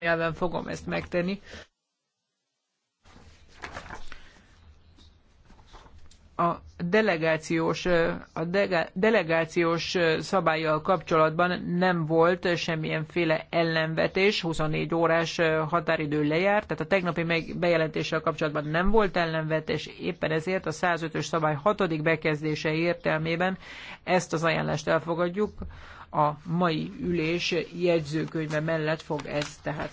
nyelven fogom ezt megtenni. A delegációs, a dege, delegációs szabályjal kapcsolatban nem volt semmilyenféle ellenvetés, 24 órás határidő lejárt, tehát a tegnapi bejelentéssel kapcsolatban nem volt ellenvetés, éppen ezért a 105-ös szabály 6. bekezdése értelmében ezt az ajánlást elfogadjuk a mai ülés jegyzőkönyve mellett fog ez tehát